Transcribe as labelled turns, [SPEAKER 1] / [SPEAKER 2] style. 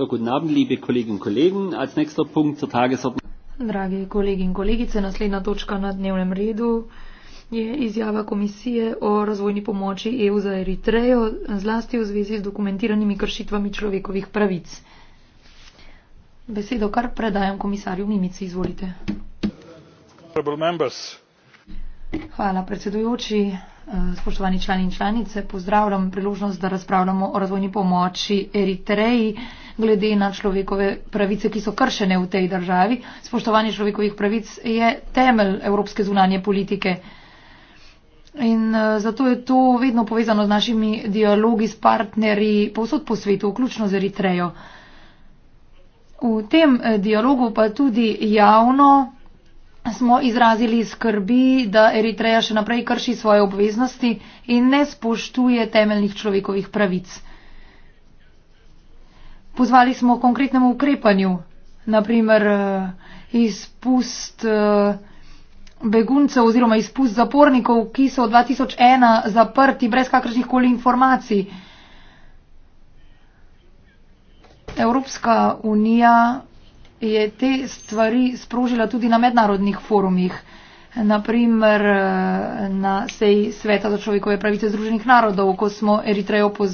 [SPEAKER 1] So, guten Abend, liebe Kolleginnen und Kollegen. Als nächster Punkt zur Tagesordnung. Dragi kolegi in kolegice, naslednja točka na dnevnem redu je izjava komisije o razvojni pomoči EU za Eritrejo, zlasti v zvezi z dokumentiranimi kršitvami človekovih pravic. Besedo kar predajam komisarju Mimici, izvolite. Honorable members, Hvala, predsedujoči. Eh, spoštovani člani in članice, pozdravljam priložnost, da razpravljamo o razvojni pomoči Eritreji glede na človekove pravice, ki so kršene v tej državi. Spoštovanje človekovih pravic je temelj evropske zunanje politike. In eh, zato je to vedno povezano z našimi dialogi s partnerji povsod po svetu, vključno z Eritrejo. V tem eh, dialogu pa tudi javno smo izrazili skrbi, da Eritreja še naprej krši svoje obveznosti in ne spoštuje temeljnih človekovih pravic. Pozvali smo konkretnemu ukrepanju, naprimer eh, izpust eh, beguncev oziroma izpust zapornikov, ki so 2001 zaprti brez kakršnih koli informacij. Evropska unija je te stvari sprožila tudi na mednarodnih forumih, naprimer eh, na seji Sveta za človekove pravice Združenih narodov, ko smo Eritrejo pozvali.